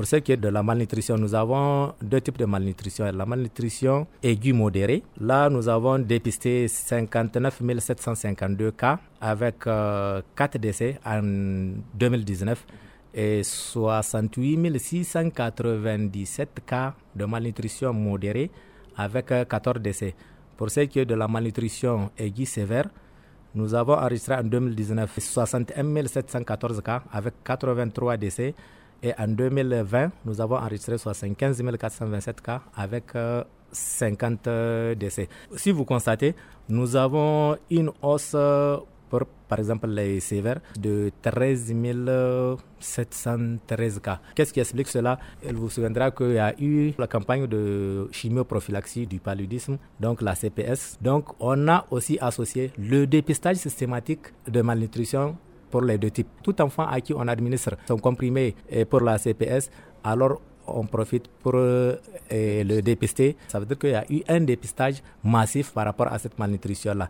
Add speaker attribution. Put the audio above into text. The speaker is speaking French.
Speaker 1: Pour ce qui est de la malnutrition, nous avons deux types de malnutrition. La malnutrition aiguë modérée. Là, nous avons dépisté 59 752 cas avec 4 euh, décès en 2019 et 68 697 cas de malnutrition modérée avec 14 euh, décès. Pour ce qui est de la malnutrition aiguë sévère, nous avons enregistré en 2019 61 714 cas avec 83 décès et en 2020, nous avons enregistré 75 427 cas avec 50 euh, euh, décès. Si vous constatez, nous avons une hausse euh, pour, par exemple, les sévères de 13 713 cas. Qu'est-ce qui explique cela Elle vous souviendra qu'il y a eu la campagne de chimioprophylaxie du paludisme, donc la CPS. Donc, on a aussi associé le dépistage systématique de malnutrition pour les deux types. Tout enfant à qui on administre son comprimé pour la CPS, alors on profite pour euh, le dépister. Ça veut dire qu'il y a eu un dépistage massif par rapport à cette malnutrition-là.